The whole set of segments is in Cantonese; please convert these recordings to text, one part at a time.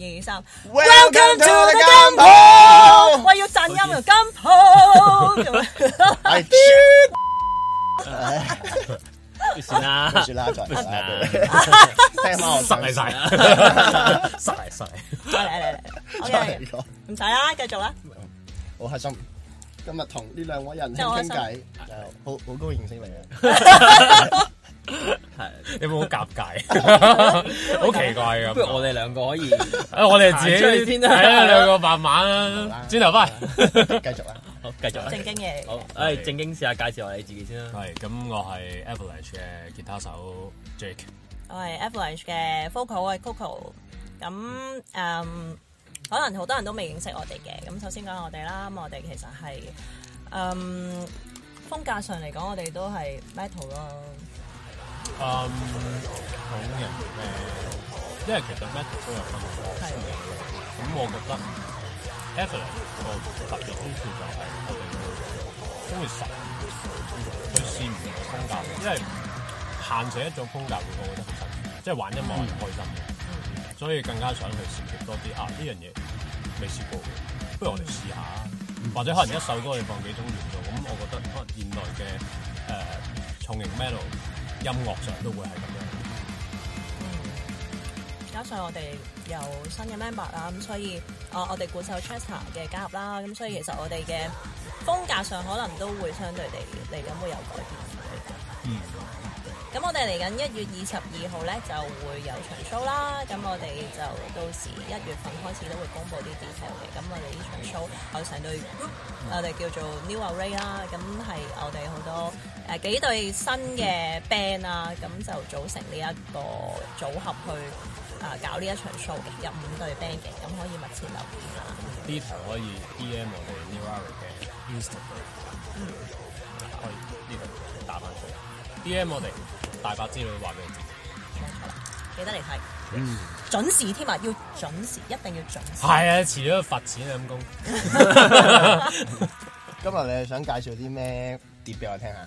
二三，Welcome to the 金普，我要讚音入金普，做咩？哈哈哈，唔算啦，唔算拉拽啦，聽翻我晒晒，晒晒，來來來，OK，唔使啦，繼續啦，好開心，今日同呢兩位人傾偈，好好高興識你嘅。係，你冇好夾界？好奇怪咁。不如我哋兩個可以，我哋自己，睇下兩個慢慢啦，轉頭翻，繼續啊，好，繼續啊，正經嘢。好，唉，正經試下介紹下你自己先啦。係，咁我係 Avalanche 嘅吉他手 Jake，我係 Avalanche 嘅 vocal 我係 Coco。咁，嗯，可能好多人都未認識我哋嘅。咁首先講下我哋啦，我哋其實係，嗯，風格上嚟講，我哋都係 metal 咯。嗯，好嘅。誒，因為其實 metal 都有分好多種嘅，咁的、嗯、我覺得 Evelyn 個特點就係我哋會都會實去試唔同風格，因為限成一種風格我覺得好實即係玩音樂係開心嘅，嗯、所以更加想去試多啲啊！呢樣嘢未試過嘅，不如我哋試下或者可能一首歌要放幾種元素，咁我覺得可能現代嘅誒、呃、重型 metal。音樂上都會係咁樣、嗯，加上我哋有新嘅 member 啦，咁所以啊、呃，我哋鼓手 c h e s a 嘅加入啦，咁所以其實我哋嘅風格上可能都會相對地嚟緊會有改變，嗯。咁我哋嚟緊一月二十二號咧就會有場 show 啦，咁我哋就到時一月份開始都會公布啲 detail 嘅，咁我哋呢場 show 有成對，嗯、我哋叫做 New Array 啦，咁係我哋好多誒、呃、幾對新嘅 band 啊，咁、嗯、就組成呢一個組合去啊、呃、搞呢一場 show 嘅，有五對 band 嘅，咁可以密切留意啦。detail 可以 DM 我哋 New Array 嘅 Instagram，可以呢度打翻 DM 我哋。 大伯之類話俾你聽，好啦，記得嚟睇，嗯，準時添啊，要準時，一定要準時。係啊，遲咗罰錢啊，咁公。 今日你係想介紹啲咩碟俾我聽下啊？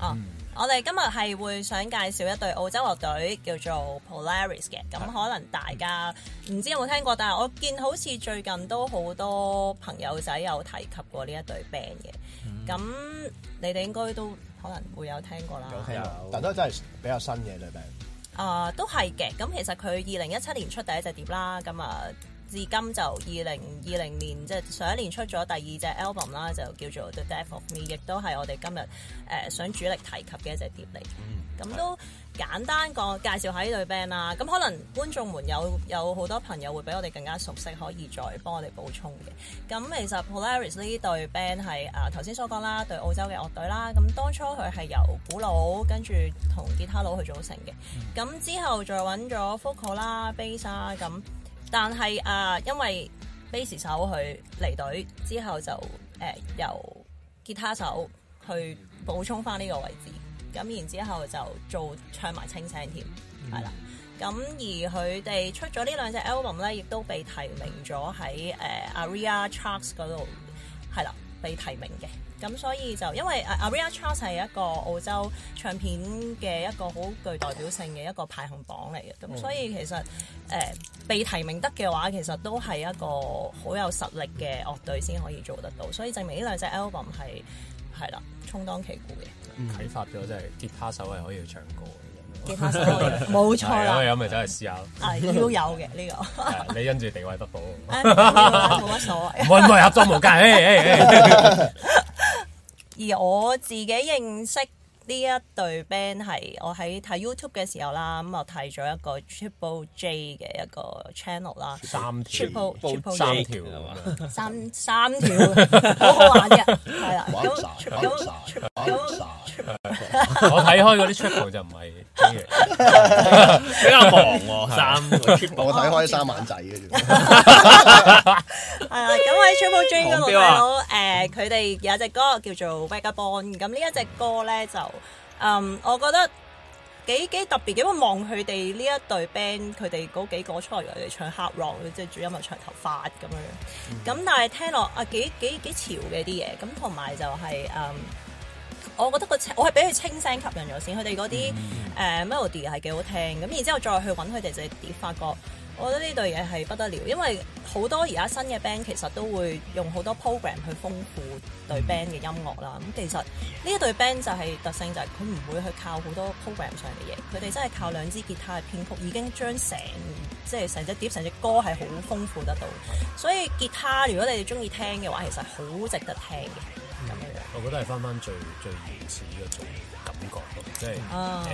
哦嗯、我哋今日係會想介紹一隊澳洲樂隊叫做 Polaris 嘅，咁可能大家唔的知有冇聽過，但係我見好似最近都好多朋友仔有提及過呢一隊 band 嘅，咁、嗯、你哋應該都。可能會有聽過啦，但都真係比較新嘅。裏邊。啊、呃，都係嘅。咁其實佢二零一七年出第一隻碟啦，咁啊。至今就二零二零年即係、就是、上一年出咗第二隻 album 啦，就叫做《The Death of Me》，亦都係我哋今日誒、呃、想主力提及嘅一隻碟嚟。咁、嗯、都簡單講介紹下呢隊 band 啦。咁可能觀眾們有有好多朋友會比我哋更加熟悉，可以再幫我哋補充嘅。咁其實 Polaris 呢隊 band 係啊頭先所講啦，對澳洲嘅樂隊啦。咁當初佢係由鼓佬跟住同吉他佬去組成嘅。咁、嗯、之後再揾咗 vocal 啦、bass 啦、啊。咁。但係啊，因為 Bass 手佢離隊之後就、呃、由吉他手去補充翻呢個位置，咁然之後就做唱埋清聲添，係啦。咁、嗯、而佢哋出咗呢兩隻 album 咧，亦都被提名咗喺、呃、Aria Charts 嗰度，係啦，被提名嘅。咁所以就因為 Aria Charts 係一個澳洲唱片嘅一個好具代表性嘅一個排行榜嚟嘅，咁所以其實誒、呃、被提名得嘅話，其實都係一個好有實力嘅樂隊先可以做得到，所以證明呢兩隻 album 係係啦，充當旗鼓嘅，啟、嗯、發咗即係吉他手係可以去唱歌嘅，吉他手冇 錯啦，有咪都係試，試下啊，要有嘅呢、這個， 啊、你因住地位不保冇乜所謂，唔唔合作無間，嘿嘿嘿 而我自己認識呢一隊 band 係我喺睇 YouTube 嘅時候啦，咁我睇咗一個 Triple J 嘅一個 channel 啦，三，Triple, J，三,三,三,三條，三條，三條好好玩嘅，係啦。我睇開嗰啲 Triple 就唔係，比較忙喎。三個我睇開三萬仔嘅。係啊，咁喺 Triple J 嗰度有誒，佢哋有一隻歌叫做《Back Up On》。咁呢一隻歌咧就，我覺得幾幾特別嘅。因為望佢哋呢一隊 band，佢哋嗰幾個出來嚟佢哋唱 Hard Rock 即係主音啊長頭髮咁樣。咁但係聽落啊幾幾幾潮嘅啲嘢。咁同埋就係我覺得個我係俾佢清聲吸引咗先，佢哋嗰啲 melody 係幾好聽，咁然之後再去揾佢哋隻碟，就發覺我覺得呢對嘢係不得了，因為好多而家新嘅 band 其實都會用好多 program 去豐富對 band 嘅音樂啦。咁其實呢一對 band 就係、係、特性就係佢唔會去靠好多 program 上嘅嘢，佢哋真係靠兩支吉他嘅編曲已經將成即係成隻碟、成隻歌係好豐富得到。所以吉他如果你哋中意聽嘅話，其實好值得聽嘅。我覺得係翻翻最最原始嗰種感覺咯，即係誒、oh. 呃，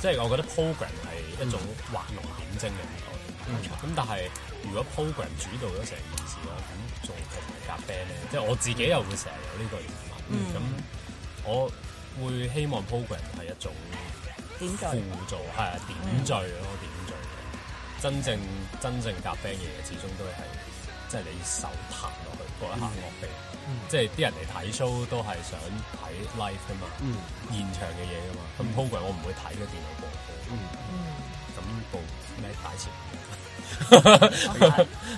即係我覺得 program 係一種畫龍點睛嘅感覺，咁、mm. 但係如果 program 主導咗成件事咧，咁做同埋夾 band 咧，mm. 即係我自己又會成日有呢個疑問，咁、mm. 我會希望 program 係一種輔助，係啊，點綴咯，點綴。真正真正夾 band 嘅嘢，始終都係即係你手彈落去嗰一刻樂即係啲人嚟睇 show 都係想睇 live 噶嘛，現場嘅嘢噶嘛。咁 program 我唔會睇嘅，電腦播。咁部咩牌子？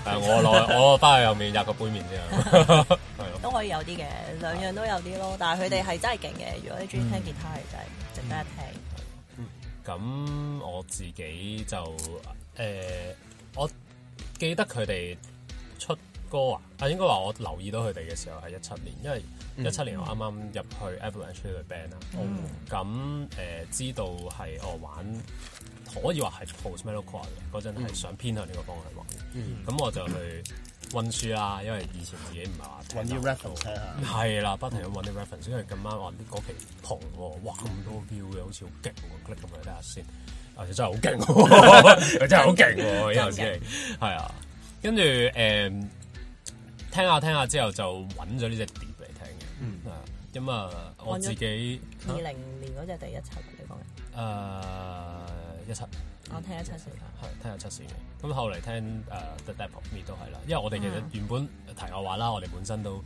係我攞，我翻去後面入個杯麵先。係都可以有啲嘅，兩樣都有啲咯。但係佢哋係真係勁嘅，如果你中意聽吉他嘅仔，值得一聽。咁我自己就誒，我記得佢哋出。歌啊，啊應該話我留意到佢哋嘅時候係一七年，因為一七年我啱啱入去 Avalanche band 啦，咁、嗯呃、知道係我玩可以話係 post metalcore 嘅，嗰陣係想偏向呢個方向玩，咁、嗯、我就去温書啦，因為以前自己唔係話啲 reference 睇下，啦、啊，不停啲 reference 因為今晚玩啲嗰期紅、哦、哇咁多 view 嘅、哦，好似好勁喎，click 睇下先，啊真係好勁， 真係好勁，一頭先係啊，跟住聽下聽下之後就揾咗呢隻碟嚟聽嘅，嗯，咁啊我自己二零年嗰隻第一輯你講嘅，誒一七，我聽一七線嘅，係聽一七線嘅。咁後嚟聽誒 The Death of Me 都係啦，因為我哋其實原本題外話啦，我哋本身都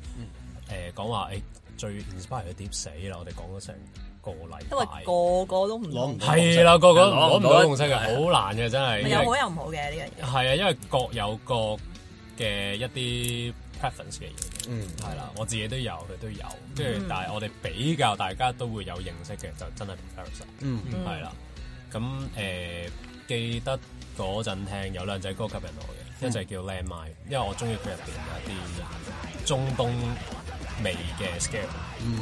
誒講話誒最 inspire 嘅碟死啦，我哋講咗成個禮拜，個個都唔攞，係啦，個個攞唔到共識嘅，好難嘅真係，有好有唔好嘅呢樣嘢，係啊，因為各有各嘅一啲。嘅嘢，的嗯，係啦，我自己都有，佢都有，嗯、但係我哋比較，大家都會有認識嘅，就真係 professional 嗯係啦，咁了、嗯呃、記得嗰陣聽有兩隻歌吸引我嘅，嗯、一就係叫《Landmine》，因為我中意佢入面有一啲中東味嘅 scale，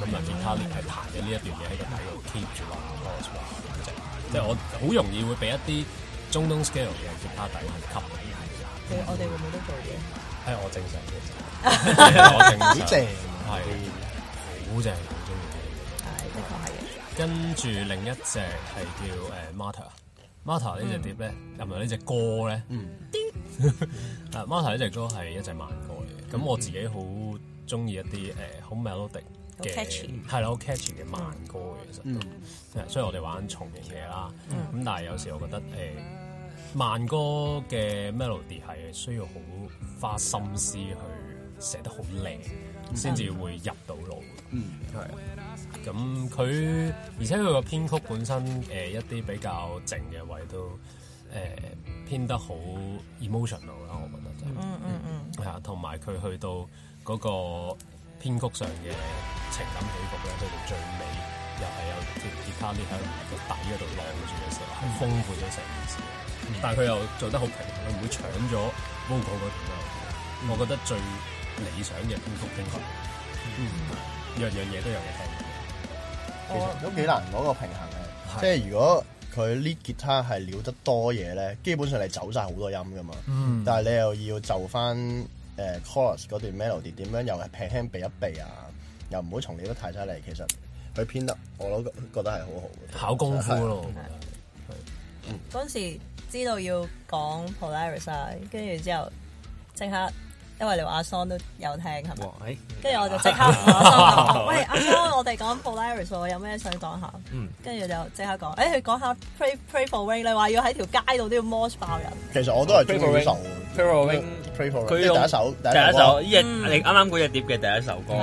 咁啊，吉他咧係彈嘅呢一段嘢喺個底度 keep 住落 perfect 即係我好、就是、容易會俾一啲。中東 scale 嘅吉他底係吸底嚟嘅，你我哋會冇得做嘢？係我正常嘅啫，好正，係好正，好中意嘅。係一個跟住另一隻係叫誒 Marta，Marta 呢隻碟咧，又唔係呢隻歌咧。嗯，碟。係 Marta 呢隻歌係一隻慢歌嘅，咁我自己好中意一啲誒好 melodic 嘅，係啦，好 catchy 嘅慢歌嘅，其實。嗯。誒，所以我哋玩重型嘢啦，咁但係有時我覺得誒。慢歌嘅 melody 係需要好花心思去寫得好靚，先至會入到腦。嗯，係。咁佢，而且佢個編曲本身誒、呃、一啲比較靜嘅位都誒、呃、編得好 emotional 啦，我覺得就係嗯。嗯嗯嗯。係啊，同埋佢去到嗰個編曲上嘅情感起伏咧，去到最尾。又係有即吉他喺底度住嘅時候，豐富咗成件事。 但佢又做得好平衡，唔會搶咗我覺得最理想嘅編曲風格。樣樣嘢都有嘢聽。其實都幾難攞個平衡嘅。即係對 如果佢呢吉他係撩得多嘢咧，基本上你走晒好多音噶嘛。 但係你又要就翻誒 chorus 嗰段 melody 點樣又係平輕避一避啊？又唔好重你都太犀利。其實。佢編得，我都覺得係好好嘅，考功夫囉。嗰陣時知道要講 Polaris 跟住之後即刻，因為你話阿桑都有聽，係咪？跟住我就即刻，喂，阿桑，我哋講 Polaris 我有咩想講下？跟住就即刻講，佢講下 Pray for Rain 你話要喺條街度都要 Mosh 爆人。其實我都係中意 Pray for Rain Pray for Rain 第一首，第一首，呢隻你啱啱嗰隻碟嘅第一首歌。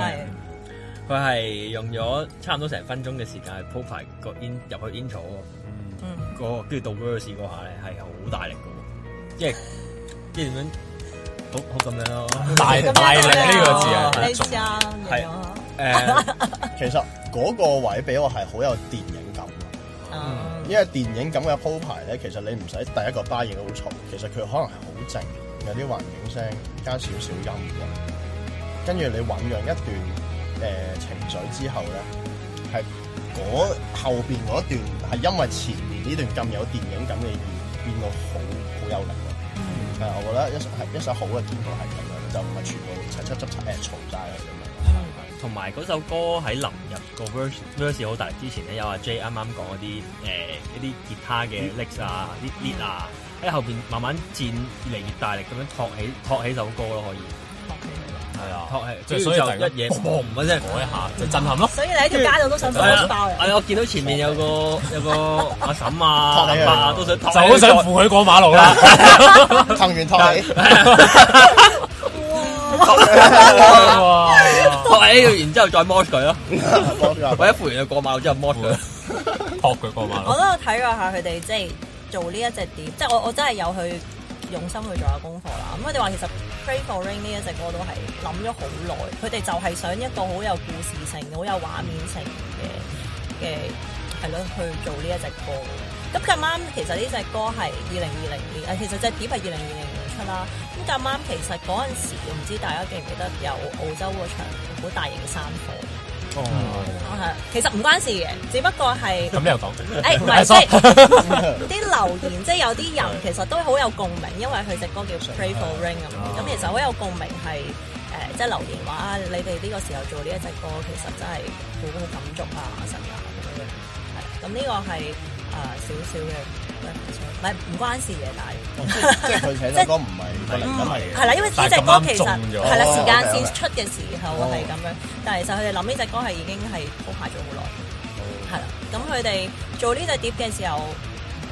佢係用咗差唔多成分鐘嘅時間去鋪排個 in 入去 intro 嗯，個跟住到嗰個試嗰下咧係好大力嘅，即係即係點樣好好咁樣咯，大大力呢個字啊，係，係誒，呃、 其實嗰個位俾我係好有電影感啊，嗯、因為電影咁嘅鋪排咧，其實你唔使第一個巴嘢好嘈，其實佢可能係好靜，有啲環境聲加少少音嘅，跟住你醞釀一段。誒，情緒、呃、之後咧，係嗰後邊嗰段係因為前面呢段咁有電影感嘅嘢，變到好好有力咯。係啊、mm，hmm. 我覺得一首係一首好嘅編曲係咁樣，就唔係全部齊七執柴嚟嘈晒啦。咁樣係，同埋嗰首歌喺臨入個 version，version 好大之前咧，有阿 J 啱啱講嗰啲誒一啲、呃、吉他嘅 lick 啊，啲 l、嗯、啊，喺後邊慢慢漸越嚟越大力咁樣托起托起首歌咯，可以。係啊，托係，所有一夜砰嘅啫，改一下，嗯、一下就震撼咯。所以你喺條街度都想包嘅。係啊，我見到前面有個有個阿嬸啊，都想托，就好想扶佢過馬路啦。騰完托你， 哇！哇！哎，然之後再摸佢咯。我一扶完佢過馬路之後摸，之後摸佢，托佢 過馬路。我都有睇過下佢哋即係做呢一隻碟，即係我我真係有去。用心去做下功課啦！咁佢哋話其實《Pray for Rain》呢一隻歌都係諗咗好耐，佢哋就係想一個好有故事性、好有畫面性嘅嘅係咯，去做呢一隻歌的。咁咁啱，其實呢隻歌係二零二零年，啊，其實隻碟係二零二零年出啦。咁咁啱，其實嗰陣時我唔知大家記唔記得有澳洲個場好大型嘅山火。哦，我係，其實唔關事嘅，只不過係咁又講，誒唔係即係啲留言，即係有啲人其實都好有共鳴，因為佢隻歌叫《Pray for Rain》啊嘛，咁其實好有共鳴，係誒即係留言話啊，你哋呢個時候做呢一隻歌，其實真係好感觸啊，神啊咁樣，係，咁呢個係啊少少嘅。唔係唔關事嘅，但係即係嗰隻歌唔係唔係咁係。係啦，因為呢隻歌其實係啦，時間先出嘅時候係咁樣，但係其實佢哋諗呢隻歌係已經係鋪排咗好耐。係啦，咁佢哋做呢隻碟嘅時候，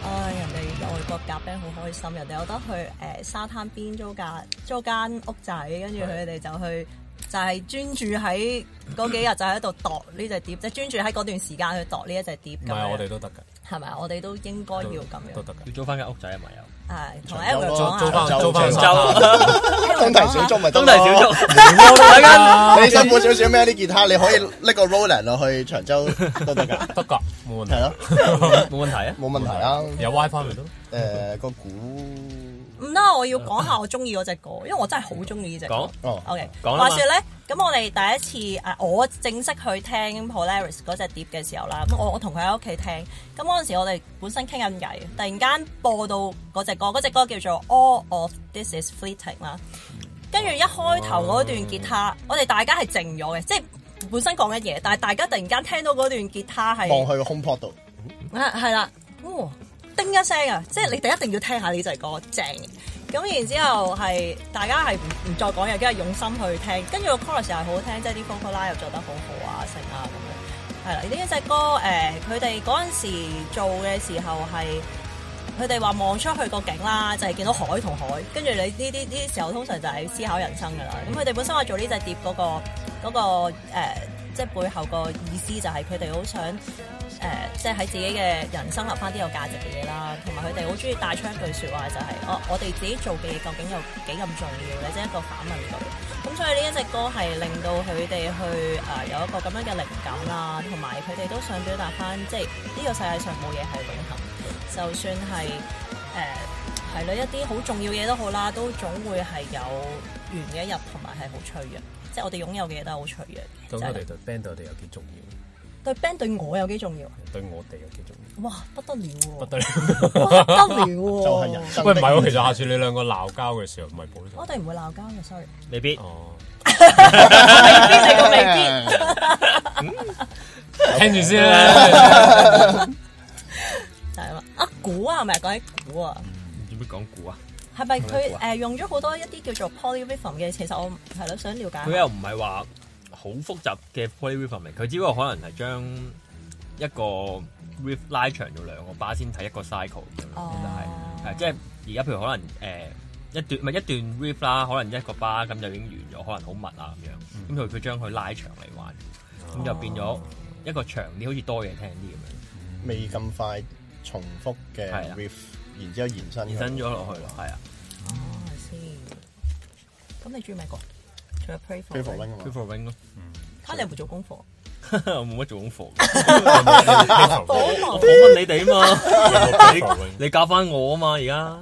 唉，人哋外國夾 band 好開心，人哋有得去誒沙灘邊租間租間屋仔，跟住佢哋就去就係專注喺嗰幾日，就喺度度呢隻碟，即係專注喺嗰段時間去度呢一隻碟。唔係，我哋都得㗎。係咪？我哋都應該要咁樣，要租翻間屋仔啊嘛又，係同一兩房啊，租翻租翻長洲，東堤小築咪東堤小築，你想補少少咩啲吉他，你可以拎個 Roland 落去長洲都得噶，不過冇問題咯，冇問題啊，冇問題啊，有 WiFi 咪得咯，誒個鼓。唔啦，no，我要講下我中意嗰隻歌，因為我真係好中意呢隻歌。哦、OK 話說咧，咁我哋第一次我正式去聽 Polaris 嗰隻碟嘅時候啦，咁我我同佢喺屋企聽，咁嗰陣時我哋本身傾緊偈，突然間播到嗰隻歌，嗰隻歌叫做 All of This is Fleeting 啦。跟住一開頭嗰段吉他，嗯、我哋大家係靜咗嘅，即係本身講緊嘢，但係大家突然間聽到嗰段吉他係放去個 HomePod 度，係啦、啊，叮一聲啊！即係你哋一定要聽下呢隻歌，正。咁然之後係大家係唔唔再講嘢，梗係用心去聽。跟住個 chorus 係好好聽，即係啲 folk line 又做得好好啊，成啊咁樣。係啦，呢一隻歌誒，佢哋嗰陣時做嘅時候係，佢哋話望出去個景啦，就係、是、見到海同海。跟住你呢啲呢啲時候，通常就係思考人生噶啦。咁佢哋本身話做呢隻碟嗰個嗰、那個誒、呃，即係背後個意思就係佢哋好想。誒、呃，即係喺自己嘅人生留翻啲有價值嘅嘢啦，同埋佢哋好中意帶出一句説話，就係、是：哦，我哋自己做嘅嘢究竟有幾咁重要嘅？即係一個反問句。咁、嗯、所以呢一隻歌係令到佢哋去誒、呃、有一個咁樣嘅靈感啦，同埋佢哋都想表達翻，即係呢個世界上冇嘢係永恒。就算係誒係咯，呃、一啲好重要嘢都好啦，都總會係有完嘅一日，同埋係好脆弱。即係我哋擁有嘅嘢都係好脆弱。咁、嗯就是、我哋對 band 我哋有幾重要？對 band 對我有幾重要？對我哋有幾重要？哇，不得了！不得了！不得了！就係人喂，唔係，其實下次你兩個鬧交嘅時候唔係我哋唔會鬧交嘅，sorry。未必哦，未必你個未必，聽住先啦。就係話啊，鼓啊，係咪講起鼓啊？點解講鼓啊？係咪佢誒用咗好多一啲叫做 polyrhythm 嘅？其實我係咯想了解。佢又唔係話。好複雜嘅 play riffing 佢只不過可能係將一個 riff 拉長咗兩個巴先睇一個 cycle 咁樣、oh.，其實係即係而家譬如可能誒一段咪一段 riff 啦，可能一個巴咁就已經完咗，可能好密啊咁樣，咁佢佢將佢拉長嚟玩，咁、oh. 就變咗一個長啲，好似多嘢聽啲咁樣，未咁快重複嘅 riff，然之後延伸延伸咗落去了，係啊，係先的，咁、啊、你鍾意咩歌？People ring 啊，People ring 咯。嗯，睇你有冇做功課。我冇乜做功課。我問你哋啊嘛。你教翻我啊嘛，而家。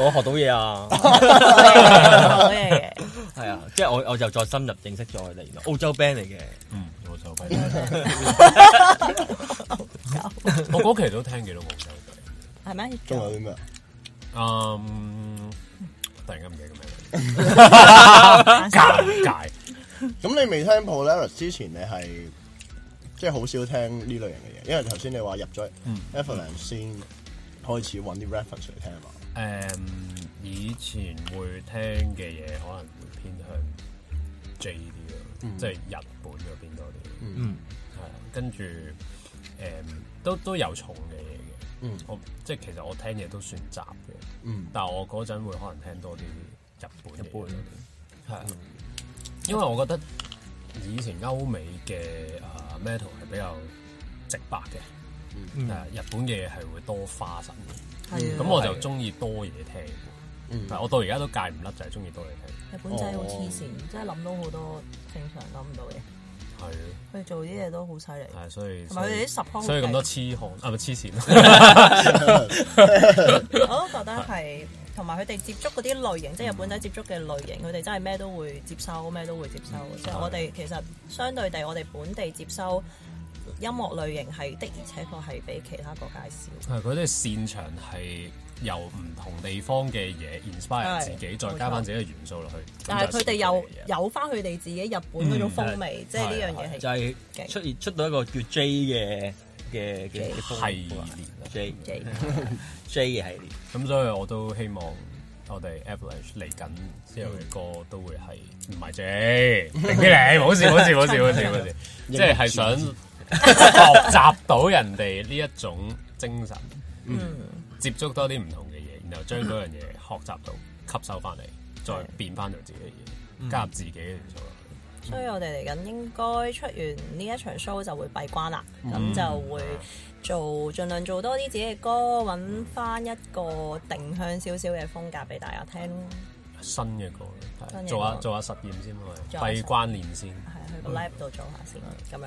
我學到嘢啊。學到嘢嘅。係啊，即係我我就再深入認識咗佢哋。澳洲 band 嚟嘅。嗯，澳洲 band。我嗰期都聽幾多澳洲 band。係咩？仲有啲咩啊？嗯。突然間唔記得咩嘢，尷尬。咁你未聽 Polaris 之前你，你係即係好少聽呢類型嘅嘢，因為頭先你話入咗 Evelyn 先開始揾啲 Reference 嚟聽嘛。嗯吧嗯。以前會聽嘅嘢可能會偏向 J 啲咯，即係日本嗰邊多啲、嗯。嗯，跟住都都有重嘅嘢嘅。嗯，我即係其實我聽嘢都算雜嘅，嗯，但係我嗰陣會可能聽多啲日本嘅，係因為我覺得以前歐美嘅誒、呃、metal 係比較直白嘅，誒、嗯、日本嘢係會多花神，係啊、嗯，咁我就中意多嘢聽，的但我到而家都戒唔甩就係中意多嘢聽。日本仔好黐線，哦、真係諗到好多正常諗唔到嘢。係，去做啲嘢都好犀利。係，所以同埋佢哋啲十方，所以咁多痴行啊，唔係痴線。我都覺得係，同埋佢哋接觸嗰啲類型，即係日本仔接觸嘅類型，佢哋真係咩都會接收，咩都會接收。即係、嗯、我哋其實相對地，我哋本地接收。音樂類型係的而且確係比其他個介紹，係佢哋擅長係由唔同地方嘅嘢 inspire 自己，再加翻自己嘅元素落去。但係佢哋又有翻佢哋自己日本嗰種風味，即係呢樣嘢係。就係出現出到一個叫 J 嘅嘅嘅系列啦，J J J 嘅系列。咁所以我都希望我哋 Avalanche 嚟緊之後嘅歌都會係唔係 J？唔係，冇笑冇笑冇笑冇笑冇笑，即係係想。學習到人哋呢一種精神，嗯，接觸多啲唔同嘅嘢，然後將嗰樣嘢學習到，吸收翻嚟，再變翻做自己嘅嘢，加入自己嘅元素咯。所以我哋嚟緊應該出完呢一場 show 就會閉關啦，咁就會做盡量做多啲自己嘅歌，搵翻一個定向少少嘅風格俾大家聽咯。新嘅歌，做下做下實驗先，係閉關練先，係去 lab 度做下先，咁樣。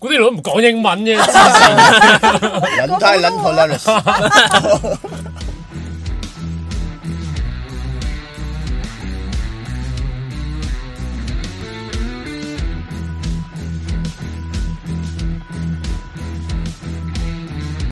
嗰啲女唔講英文啫，輪胎輪破啦！